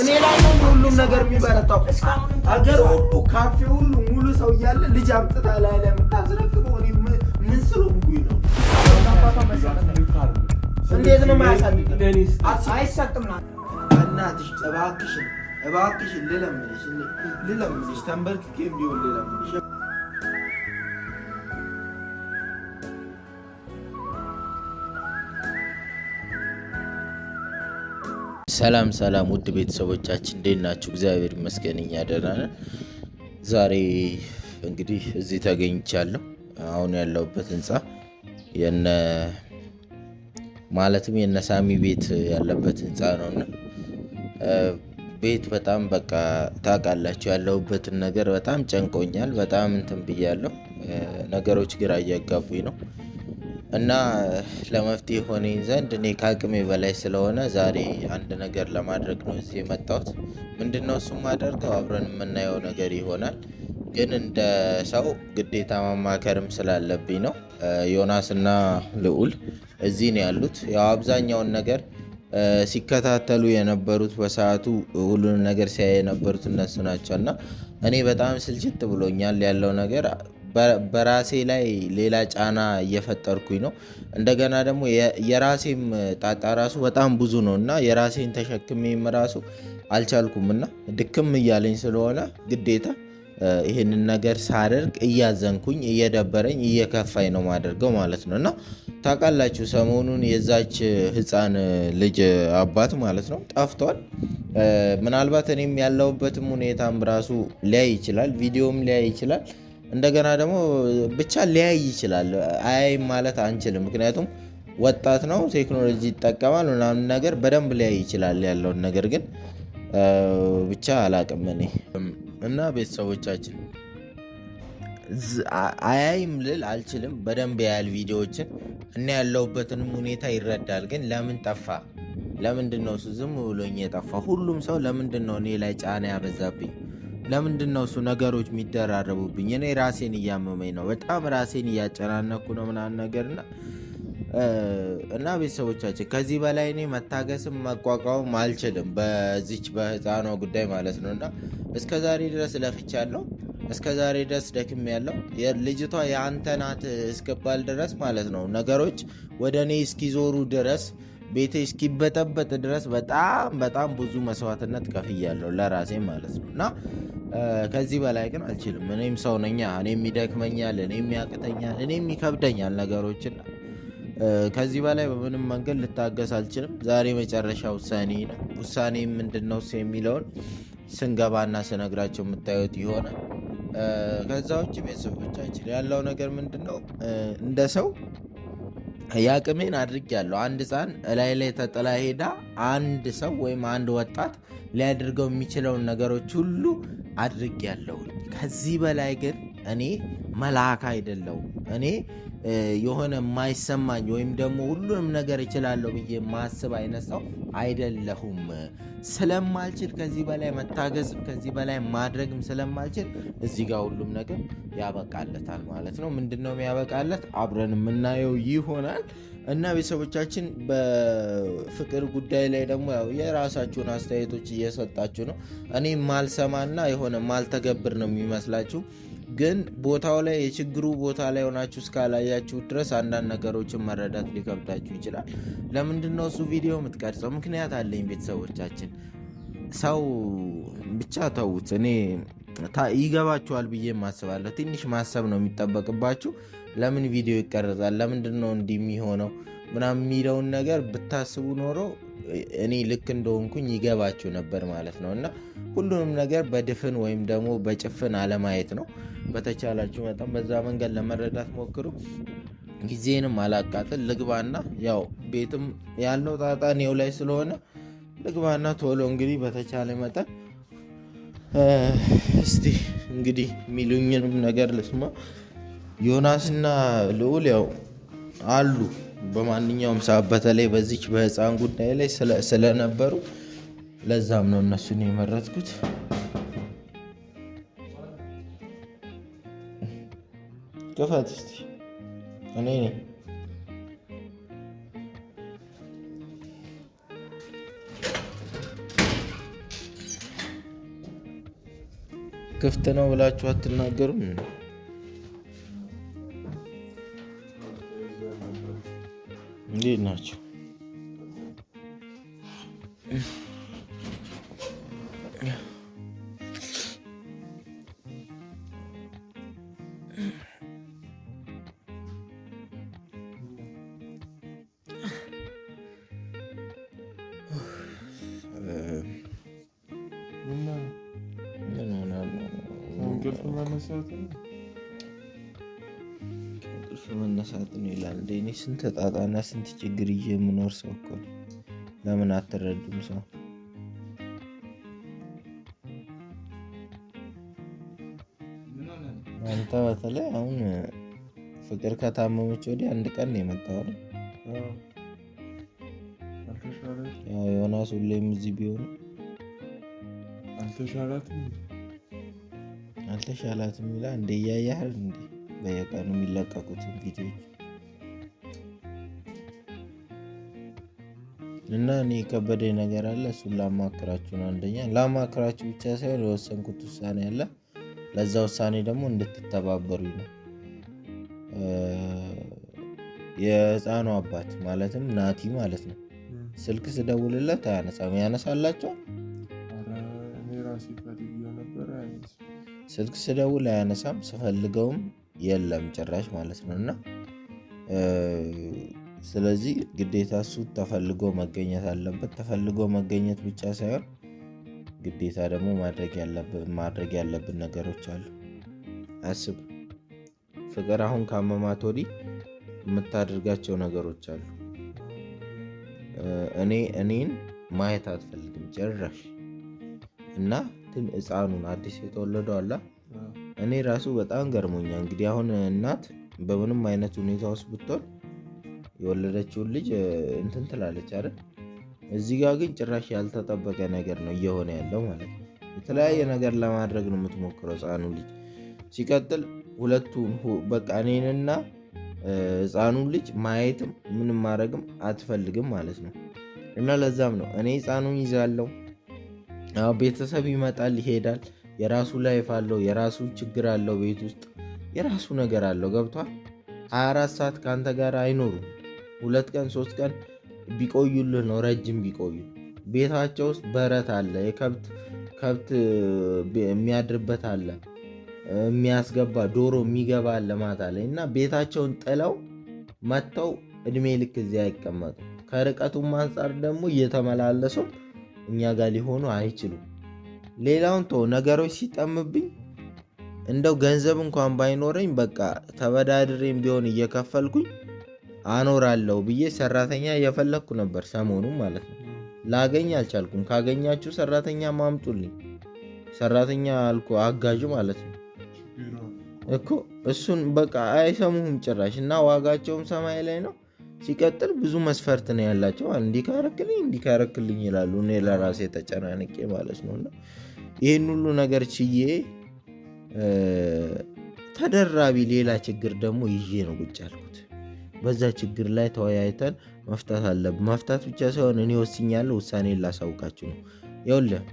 እኔ ላይ ነው ሁሉም ነገር የሚበረታው። አገር ሁሉ ካፌ ሁሉ ሙሉ ሰው እያለ ልጅ አምጥታ ላይ ላይ የምታስረክበው እኔ ምን ስለሆንኩኝ ነው? እንዴት ነው የማያሳልቅ? አይሰጥም ና እባክሽን ልለምንሽ፣ ልለምንሽ ተንበርክኬ ቢሆን ልለምንሽ ሰላም ሰላም ውድ ቤተሰቦቻችን እንዴት ናችሁ? እግዚአብሔር ይመስገን እኛ ደህና ነን። ዛሬ እንግዲህ እዚህ ተገኝቻለሁ። አሁን ያለሁበት ህንፃ የነ ማለትም የነ ሳሚ ቤት ያለበት ህንፃ ነው እና ቤት በጣም በቃ ታውቃላችሁ፣ ያለሁበትን ነገር በጣም ጨንቆኛል። በጣም እንትን ብያለሁ። ነገሮች ግራ እያጋቡኝ ነው እና ለመፍትሄ ሆነኝ ዘንድ እኔ ከአቅሜ በላይ ስለሆነ ዛሬ አንድ ነገር ለማድረግ ነው እዚህ የመጣሁት። ምንድነው እሱም ማደርገው አብረን የምናየው ነገር ይሆናል። ግን እንደ ሰው ግዴታ ማማከርም ስላለብኝ ነው። ዮናስና ልዑል እዚህ ነው ያሉት። ያው አብዛኛውን ነገር ሲከታተሉ የነበሩት በሰዓቱ ሁሉንም ነገር ሲያይ የነበሩት እነሱ ናቸው እና እኔ በጣም ስልችት ብሎኛል ያለው ነገር በራሴ ላይ ሌላ ጫና እየፈጠርኩኝ ነው። እንደገና ደግሞ የራሴም ጣጣ ራሱ በጣም ብዙ ነው እና የራሴን ተሸክሜም ራሱ አልቻልኩም እና ድክም እያለኝ ስለሆነ ግዴታ ይህንን ነገር ሳደርግ እያዘንኩኝ፣ እየደበረኝ፣ እየከፋኝ ነው ማደርገው ማለት ነው እና ታውቃላችሁ ሰሞኑን የዛች ሕፃን ልጅ አባት ማለት ነው ጠፍቷል። ምናልባት እኔም ያለሁበትም ሁኔታም ራሱ ሊያይ ይችላል፣ ቪዲዮም ሊያይ ይችላል እንደገና ደግሞ ብቻ ሊያይ ይችላል። አያይም ማለት አንችልም። ምክንያቱም ወጣት ነው፣ ቴክኖሎጂ ይጠቀማል ምናምን ነገር በደንብ ሊያይ ይችላል ያለውን ነገር ግን ብቻ አላቅም እኔ እና ቤተሰቦቻችን አያይም ልል አልችልም። በደንብ ያህል ቪዲዮዎችን እና ያለሁበትንም ሁኔታ ይረዳል። ግን ለምን ጠፋ? ለምንድን ነው ዝም ብሎኝ የጠፋ? ሁሉም ሰው ለምንድን ነው እኔ ላይ ጫና ያበዛብኝ? ለምንድን ነው እሱ ነገሮች የሚደራረቡብኝ? እኔ ራሴን እያመመኝ ነው፣ በጣም ራሴን እያጨናነኩ ነው ምናምን ነገርና እና ቤተሰቦቻችን ከዚህ በላይ እኔ መታገስም መቋቋምም አልችልም፣ በዚች በህፃኗ ጉዳይ ማለት ነው። እና እስከ ዛሬ ድረስ ለፍቻለሁ፣ እስከ ዛሬ ድረስ ደክም ያለው ልጅቷ የአንተ ናት እስክባል ድረስ ማለት ነው። ነገሮች ወደ እኔ እስኪዞሩ ድረስ፣ ቤቴ እስኪበጠበጥ ድረስ በጣም በጣም ብዙ መስዋዕትነት ከፍያለሁ ለራሴ ማለት ነው እና ከዚህ በላይ ግን አልችልም። እኔም ሰው ነኛ፣ እኔም ይደክመኛል፣ እኔም ያቅተኛል፣ እኔም ይከብደኛል ነገሮችን ከዚህ በላይ በምንም መንገድ ልታገስ አልችልም። ዛሬ መጨረሻ ውሳኔ ነው። ውሳኔ ምንድን ነው የሚለውን ስንገባና ስነግራቸው የምታዩት ይሆነ። ከዛ ውጭ ቤተሰቦቻችን ያለው ነገር ምንድን ነው እንደ ሰው የአቅሜን አድርጌያለሁ። አንድ ህፃን እላይ ላይ ተጥላ ሄዳ አንድ ሰው ወይም አንድ ወጣት ሊያደርገው የሚችለውን ነገሮች ሁሉ አድርጌያለሁ። ከዚህ በላይ ግን እኔ መልአክ አይደለሁም። እኔ የሆነ የማይሰማኝ ወይም ደግሞ ሁሉንም ነገር እችላለሁ ብዬ ማስብ አይነት ሰው አይደለሁም። ስለማልችል ከዚህ በላይ መታገዝም ከዚህ በላይ ማድረግም ስለማልችል እዚህ ጋር ሁሉም ነገር ያበቃለታል ማለት ነው። ምንድን ነው ያበቃለት? አብረን የምናየው ይሆናል። እና ቤተሰቦቻችን በፍቅር ጉዳይ ላይ ደግሞ ያው የራሳችሁን አስተያየቶች እየሰጣችሁ ነው። እኔ ማልሰማና የሆነ ማልተገብር ነው የሚመስላችሁ ግን ቦታው ላይ የችግሩ ቦታ ላይ ሆናችሁ እስካላያችሁ ድረስ አንዳንድ ነገሮችን መረዳት ሊከብዳችሁ ይችላል። ለምንድን ነው እሱ ቪዲዮ የምትቀርጸው? ምክንያት አለኝ። ቤተሰቦቻችን ሰው ብቻ ተዉት። እኔ ይገባችኋል ብዬ ማስባለሁ። ትንሽ ማሰብ ነው የሚጠበቅባችሁ። ለምን ቪዲዮ ይቀርጻል፣ ለምንድን ነው እንዲህ የሚሆነው ምናምን የሚለውን ነገር ብታስቡ ኖሮ እኔ ልክ እንደሆንኩኝ ይገባችሁ ነበር ማለት ነው። እና ሁሉንም ነገር በድፍን ወይም ደግሞ በጭፍን አለማየት ነው። በተቻላችሁ መጠን በዛ መንገድ ለመረዳት ሞክሩ። ጊዜንም አላቃጥል ልግባና ያው ቤትም ያለው ጣጣ እኔው ላይ ስለሆነ ልግባና ቶሎ እንግዲህ በተቻለ መጠን እስቲ እንግዲህ የሚሉኝንም ነገር ልስማ። ዮናስና ልዑል ያው አሉ በማንኛውም ሰዓት በተለይ በዚች በህፃን ጉዳይ ላይ ስለነበሩ ለዛም ነው እነሱን የመረጥኩት። ክፈት እስኪ እኔ ነኝ። ክፍት ነው ብላችሁ አትናገሩም? Hindi inacho. Götürmemesi lazım. መነሳት ነው ይላል። እንደ እኔ ስንት ጣጣና ስንት ችግር ይዤ የምኖር ሰው እኮ ለምን አትረዱም ሰው አንተ በተለይ አሁን ፍቅር ከታመመች ወዲህ አንድ ቀን ነው የመጣው። ያው ዮናስ ሁሌም እዚህ ቢሆን አልተሻላትም ይላል። እንደ እያያህል እንዴ በየቀኑ የሚለቀቁትን ቪዲዮች እና እኔ የከበደኝ ነገር አለ። እሱን ላማክራችሁ ነው። አንደኛ ላማክራችሁ ብቻ ሳይሆን የወሰንኩት ውሳኔ አለ። ለዛ ውሳኔ ደግሞ እንድትተባበሩ ነው። የህፃኑ አባት ማለትም ናቲ ማለት ነው። ስልክ ስደውልለት አያነሳም። ያነሳላቸው ስልክ ስደውል አያነሳም። ስፈልገውም የለም ጭራሽ ማለት ነው። እና ስለዚህ ግዴታ እሱ ተፈልጎ መገኘት አለበት። ተፈልጎ መገኘት ብቻ ሳይሆን ግዴታ ደግሞ ማድረግ ያለብን ነገሮች አሉ። አስብ ፍቅር አሁን ከአመማት ወዲህ የምታደርጋቸው ነገሮች አሉ። እኔ እኔን ማየት አትፈልግም ጭራሽ እና ህፃኑን አዲስ የተወለደው አላ እኔ ራሱ በጣም ገርሞኛል። እንግዲህ አሁን እናት በምንም አይነት ሁኔታ ውስጥ ብትሆን የወለደችውን ልጅ እንትን ትላለች አይደል? እዚህ ጋር ግን ጭራሽ ያልተጠበቀ ነገር ነው እየሆነ ያለው ማለት ነው። የተለያየ ነገር ለማድረግ ነው የምትሞክረው ህፃኑ ልጅ። ሲቀጥል ሁለቱ በቃ እኔንና ህፃኑን ልጅ ማየትም ምንም ማድረግም አትፈልግም ማለት ነው። እና ለዛም ነው እኔ ህፃኑን ይዛለው፣ ቤተሰብ ይመጣል ይሄዳል የራሱ ላይፍ አለው፣ የራሱ ችግር አለው፣ ቤት ውስጥ የራሱ ነገር አለው። ገብቷል። 24 ሰዓት ከአንተ ጋር አይኖሩም። ሁለት ቀን ሶስት ቀን ቢቆዩልህ ነው ረጅም ቢቆዩ። ቤታቸው ውስጥ በረት አለ፣ የከብት ከብት የሚያድርበት አለ፣ የሚያስገባ ዶሮ የሚገባ አለ ማታ ላይ እና ቤታቸውን ጥለው መጥተው እድሜ ልክ እዚያ አይቀመጡ። ከርቀቱም አንጻር ደግሞ እየተመላለሱም እኛ ጋር ሊሆኑ አይችሉም። ሌላውን ቶ ነገሮች ሲጠምብኝ እንደው ገንዘብ እንኳን ባይኖረኝ በቃ ተበዳድሬም ቢሆን እየከፈልኩኝ አኖራለሁ ብዬ ሰራተኛ እየፈለግኩ ነበር ሰሞኑ ማለት ነው። ላገኝ አልቻልኩም። ካገኛችሁ ሰራተኛ ማምጡልኝ፣ ሰራተኛ አልኩ አጋዥ ማለት ነው እኮ እሱን በቃ አይሰሙህም ጭራሽ እና ዋጋቸውም ሰማይ ላይ ነው። ሲቀጥል ብዙ መስፈርት ነው ያላቸው። እንዲካረክልኝ እንዲካረክልኝ ይላሉ። እኔ ለራሴ ተጨናንቄ ማለት ነው እና ይህን ሁሉ ነገር ችዬ ተደራቢ ሌላ ችግር ደግሞ ይዤ ነው ቁጭ ያልኩት። በዛ ችግር ላይ ተወያይተን መፍታት አለብን። መፍታት ብቻ ሳይሆን እኔ ወስኛለሁ፣ ውሳኔ ላሳውቃችሁ ነው። ይኸውልህ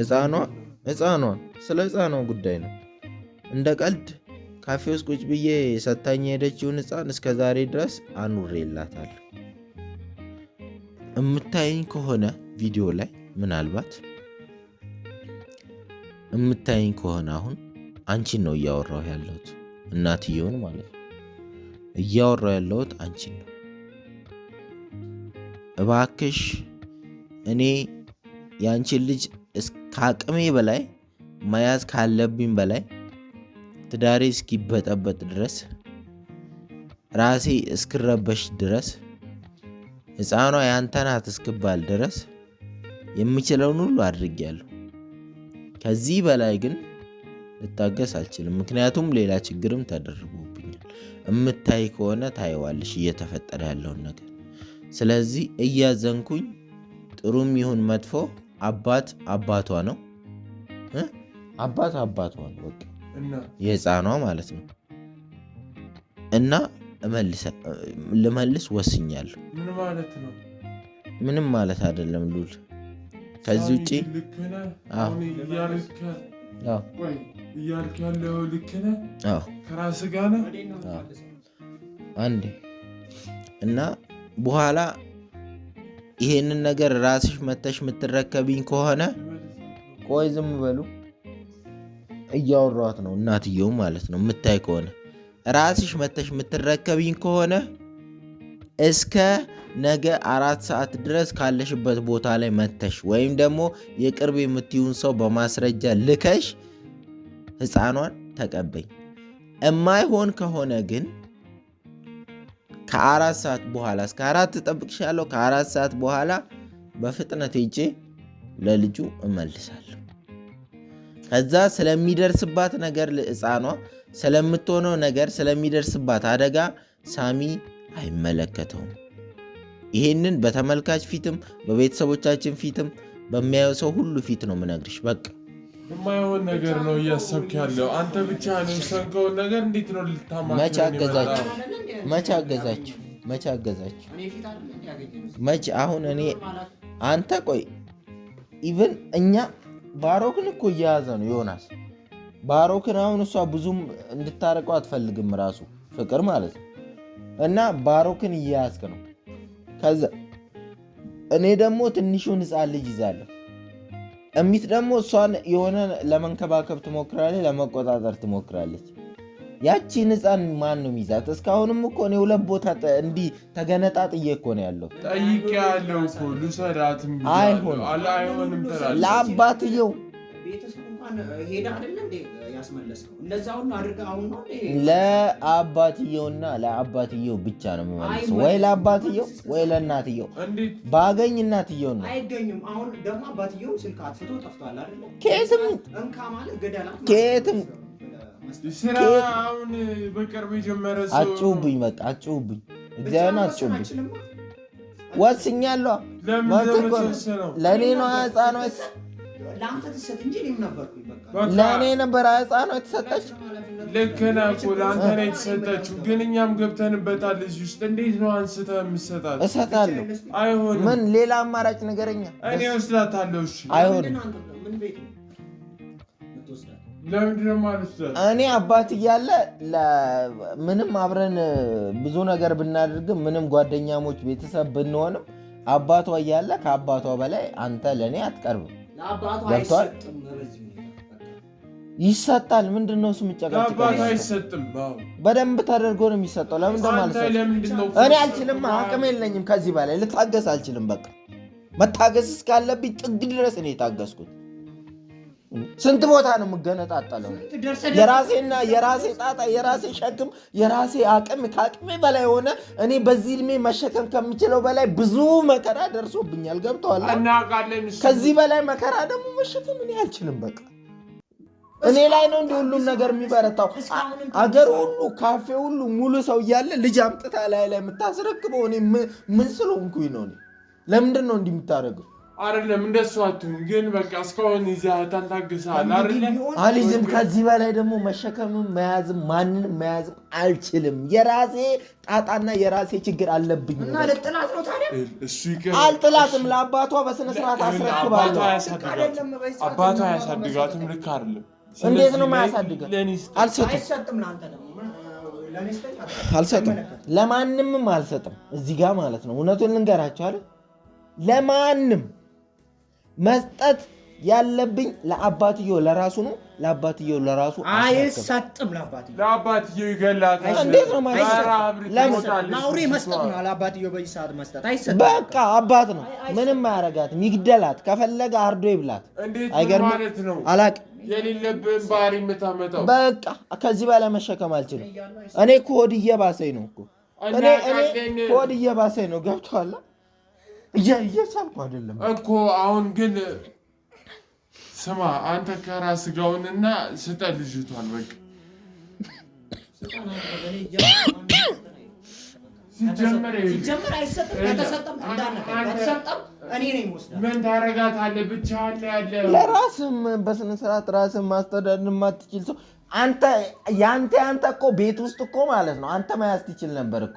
ህፃኗ ህፃኗ ስለ ህፃኗ ጉዳይ ነው። እንደ ቀልድ ካፌ ውስጥ ቁጭ ብዬ ሰታኝ የሄደችውን ህፃን እስከ ዛሬ ድረስ አኑሬላታል። የምታይኝ ከሆነ ቪዲዮ ላይ ምናልባት የምታየኝ ከሆነ አሁን አንቺን ነው እያወራሁ ያለሁት፣ እናትየውን ማለት ነው እያወራሁ ያለሁት አንቺን ነው። እባክሽ እኔ የአንቺን ልጅ ከአቅሜ በላይ መያዝ ካለብኝ በላይ ትዳሬ እስኪበጠበጥ ድረስ ራሴ እስክረበሽ ድረስ ሕፃኗ ያንተ ናት እስክባል ድረስ የምችለውን ሁሉ አድርጌያለሁ። ከዚህ በላይ ግን ልታገስ አልችልም። ምክንያቱም ሌላ ችግርም ተደርጎብኛል። እምታይ ከሆነ ታይዋለሽ እየተፈጠረ ያለውን ነገር። ስለዚህ እያዘንኩኝ ጥሩም ይሁን መጥፎ አባት አባቷ ነው። አባት አባቷ ነው፣ በቃ የህፃኗ ማለት ነው። እና ልመልስ ወስኛለሁ። ምንም ማለት አይደለም ሉል ከዚህ ውጭ አንዴ እና በኋላ ይሄንን ነገር ራስሽ መተሽ የምትረከብኝ ከሆነ ቆይ ዝም በሉ እያወሯት ነው እናትየው ማለት ነው። የምታይ ከሆነ ራስሽ መተሽ የምትረከብኝ ከሆነ እስከ ነገ አራት ሰዓት ድረስ ካለሽበት ቦታ ላይ መተሽ ወይም ደግሞ የቅርብ የምትይውን ሰው በማስረጃ ልከሽ ህፃኗን ተቀበኝ። እማይሆን ከሆነ ግን ከአራት ሰዓት በኋላ እስከ አራት እጠብቅሻለሁ። ከአራት ሰዓት በኋላ በፍጥነት ሄጄ ለልጁ እመልሳለሁ። ከዛ ስለሚደርስባት ነገር ህፃኗ ስለምትሆነው ነገር ስለሚደርስባት አደጋ ሳሚ አይመለከተውም። ይሄንን በተመልካች ፊትም በቤተሰቦቻችን ፊትም በሚያየው ሰው ሁሉ ፊት ነው ምነግርሽ። በቃ የማይሆን ነገር ነው እያሰብክ ያለው አንተ ብቻ ነው ነገር እንዴት ነው ልታማ መቼ አገዛችሁ? መቼ አገዛችሁ? መቼ አገዛችሁ? መቼ አሁን እኔ አንተ ቆይ ኢቨን እኛ ባሮክን እኮ እየያዘ ነው ዮናስ ባሮክን አሁን እሷ ብዙም እንድታረቀው አትፈልግም ራሱ ፍቅር ማለት ነው እና ባሮክን እየያዝክ ነው ከዛ እኔ ደግሞ ትንሹን ህፃን ልጅ ይዛለሁ። እሚት ደግሞ እሷን የሆነ ለመንከባከብ ትሞክራለች፣ ለመቆጣጠር ትሞክራለች። ያቺን ህፃን ማን ነው ሚዛት? እስካሁንም እኮ እኔ ሁለት ቦታ እንዲህ ተገነጣጥዬ እኮ ነው ያለው። ያለው እኮ ልውሰዳትም፣ አይሆንም ለአባትየው ሄዳ እንዴ ያስመለስከው። እንደዛ ሁሉ አድርገህ አሁን ነው ለአባትየውና ለአባትየው ብቻ ነው የሚመለሰው። ወይ ለአባትየው ወይ ለእናትየው ባገኝ እናትየው ነው አይገኝም። አሁን ደግሞ አባትየው ስልክ አጥፍቶ ጠፍቷል አይደለ? ከየትም እንካ ማለት ከየትም ስራ አሁን በቅርብ የጀመረ በቃ ወስኛለሁ። ለእኔ ነው ህፃኖች ለአንተ ትሰጥ እንጂ እኔም ነበርኩኝ ለእኔ ነበር ህፃኗ የተሰጠች። ልክ ነህ እኮ ለአንተ ነው የተሰጠችው፣ ግን እኛም ገብተንበታል እዚህ ውስጥ። እንዴት ነው አንስተ የምትሰጣት? እሰጣለሁ። አይሆንም። ምን ሌላ አማራጭ ንገረኛ። እኔ ወስዳታለሁ። እሺ፣ አይሆንም። እኔ አባት እያለ ምንም አብረን ብዙ ነገር ብናደርግም ምንም ጓደኛሞች ቤተሰብ ብንሆንም አባቷ እያለ ከአባቷ በላይ አንተ ለእኔ አትቀርብም። ገብቶሃል? ይሰጣል። ምንድን ነው እሱ የምጨቃጨቅ? በደንብ ተደርጎ ነው የሚሰጠው። ለምን እኔ አልችልም፣ አቅም የለኝም። ከዚህ በላይ ልታገስ አልችልም። በቃ መታገስ እስካለብኝ ጥግ ድረስ እኔ የታገስኩት ስንት ቦታ ነው የምገነጣጠለው? የራሴና የራሴ ጣጣ፣ የራሴ ሸክም፣ የራሴ አቅም ከአቅሜ በላይ ሆነ። እኔ በዚህ እድሜ መሸከም ከምችለው በላይ ብዙ መከራ ደርሶብኛል። ገብተዋል። ከዚህ በላይ መከራ ደግሞ መሸከም እኔ አልችልም በቃ እኔ ላይ ነው እንደ ሁሉም ነገር የሚበረታው። አገር ሁሉ ካፌ ሁሉ ሙሉ ሰው እያለ ልጅ አምጥታ ላይ ላይ የምታስረክበው እኔ ምን ስለሆንኩኝ ነው? ለምንድን ነው እንዲህ የምታደርገው? አይደለም እንደሱ አትሁን፣ ግን በቃ እስካሁን ይዘህታን ታግሰሃል። አልይዝም። ከዚህ በላይ ደግሞ መሸከምም መያዝም ማንንም መያዝም አልችልም። የራሴ ጣጣና የራሴ ችግር አለብኝ። አልጥላትም። ለአባቷ በስነስርዓት አስረክባለሁ። አባቷ አያሳድጋትም። ልክ አይደለም እንዴት ነው የማያሳድገው? አልሰጥም አልሰጥም ለማንምም አልሰጥም። እዚህ ጋር ማለት ነው እውነቱን ልንገራቸው አይደል ለማንም መስጠት ያለብኝ ለአባትየው ለራሱ ነው። ለአባትየው ለራሱ አይሰጥም። ለአባትየው ለአባትየው ይገላታል። እንዴት ነው ማውሬ መስጠት ነው። ለአባትየው በዚህ ሰዓት መስጠት አይሰጥም። በቃ አባት ነው። ምንም አያረጋትም። ይግደላት ከፈለገ አርዶ ይብላት። አይገርም ማለት ነው። አላቅ የሌለብን ባህሪ የምታመጣው በቃ ከዚህ በላይ መሸከም አልችልም። እኔ ኮድ ሆድ እየባሰኝ ነው እኮ እኔ ኮድ እየባሰኝ ነው። ገብቶሃል? እየቻልኩ አይደለም እኮ አሁን ግን ስማ አንተ ከራ ስጋውንና ስጠ ልጅቷን በቃ ታረጋታለህ? ብቻህን ያለ ለራስህም በስነ ስርዓት ራስህን ማስተዳደር የማትችል ሰው አንተ የአንተ ያንተ እኮ ቤት ውስጥ እኮ ማለት ነው አንተ መያዝ ትችል ነበር እኮ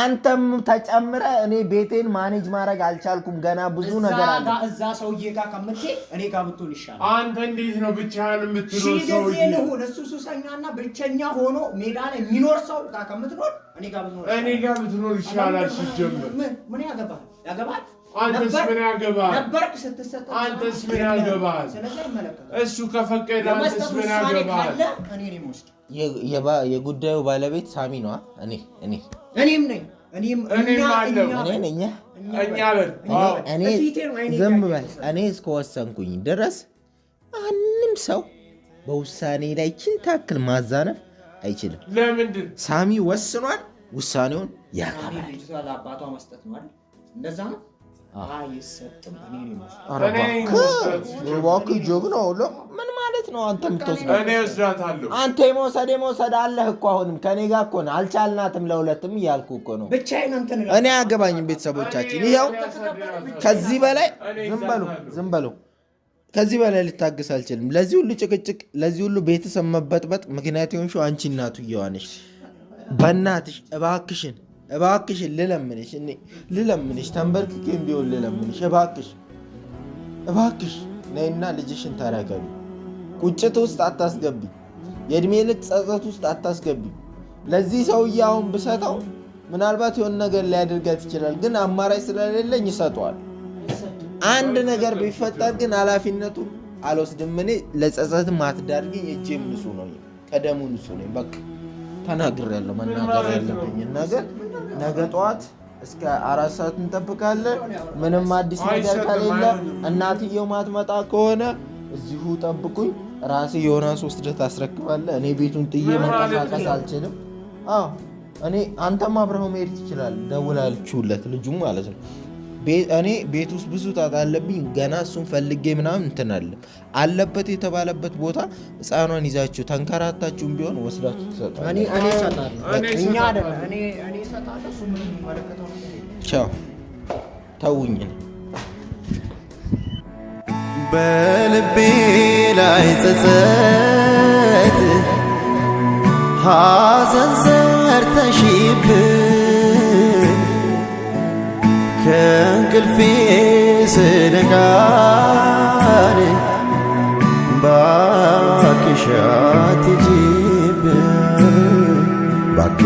አንተም ተጨምረ እኔ ቤቴን ማኔጅ ማድረግ አልቻልኩም። ገና ብዙ ነገር አለ። እዛ ሰውዬ ጋር ከምትሄድ እኔ ጋር ብትሆን ይሻላል። አንተ እንዴት ነው ብቻህን የምትኖር ሰውዬ ልሁን? እሱ ሱሰኛና ብቸኛ ሆኖ ሜዳ ላይ የሚኖር ሰው ጋር ከምትኖር እኔ ጋር ብትኖር እኔ ጋር ብትኖር ይሻላል። ሲጀምር ምን ያገባል? ያገባል አንተስ ምን ያገባል? አንተስ ምን ያገባል? እሱ ከፈቀደ አንተስ ምን ያገባል? የጉዳዩ ባለቤት ሳሚ ነዋ። እኔ እኔ እኔም ነኝ እኔም ዝም በል እኔ እስከወሰንኩኝ ድረስ ማንም ሰው በውሳኔ ላይ ችን ታክል ማዛነፍ አይችልም። ለምንድን ሳሚ ወስኗል፣ ውሳኔውን ያከብራል። እባክህ ጀግና ምን ማለት ነው? አንተ አንተ የመውሰድ የመውሰድ አለህ እኮ አሁንም ከኔ ጋር እኮ ነው። አልቻልናትም ለሁለትም እያልኩ እኮ ነው። እኔ አገባኝም። ቤተሰቦቻችን ይኸው ከዚህ በላይ ዝም በሉ፣ ዝም በሉ። ከዚህ በላይ ልታግስ አልችልም። ለዚህ ሁሉ ጭቅጭቅ፣ ለዚህ ሁሉ ቤተሰብ መበጥበጥ ምክንያት የሆንሽው አንቺ እናቱ እየዋነሽ በእናትሽ እባክሽን እባክሽ ልለምንሽ እኔ ልለምንሽ ተንበርክኬም ቢሆን ልለምንሽ፣ እባክሽ እባክሽ ነይና ልጅሽን ተረከቢ። ቁጭት ውስጥ አታስገቢ። የእድሜ ልክ ጸጸት ውስጥ አታስገቢ። ለዚህ ሰውዬ አሁን ብሰጠው ምናልባት የሆን ነገር ሊያደርጋት ይችላል፣ ግን አማራጭ ስለሌለኝ ይሰጠዋል። አንድ ነገር ቢፈጠር ግን ኃላፊነቱን አልወስድም እኔ። ለጸጸትም አትዳርግኝ። እጄም ንጹህ ነው፣ ቀደሙ ንጹህ ነኝ። በቃ ተናግሬያለሁ። መናገር ያለብኝ ነገር ነገ ጠዋት እስከ አራት ሰዓት እንጠብቃለን። ምንም አዲስ ነገር ከሌለ እናትየው ማትመጣ ከሆነ እዚሁ ጠብቁኝ። ራሴ የሆነ ሶስት ደት አስረክባለ። እኔ ቤቱን ጥዬ መንቀሳቀስ አልችልም። አዎ እኔ አንተም አብረኸው መሄድ ትችላለህ። ደውላልችሁለት ልጁም ማለት ነው እኔ ቤት ውስጥ ብዙ ጣጣ አለብኝ። ገና እሱን ፈልጌ ምናምን እንትን አለ አለበት የተባለበት ቦታ ህፃኗን ይዛችሁ ተንከራታችሁም ቢሆን ወስዳችሁ ትሰጣላችሁ። ተውኝ። በልቤ ላይ ጸጸት ሀዘን ዘርተሽብኝ ከእንቅልፌ ስነቃ ባክሻ ትጅብ ባክ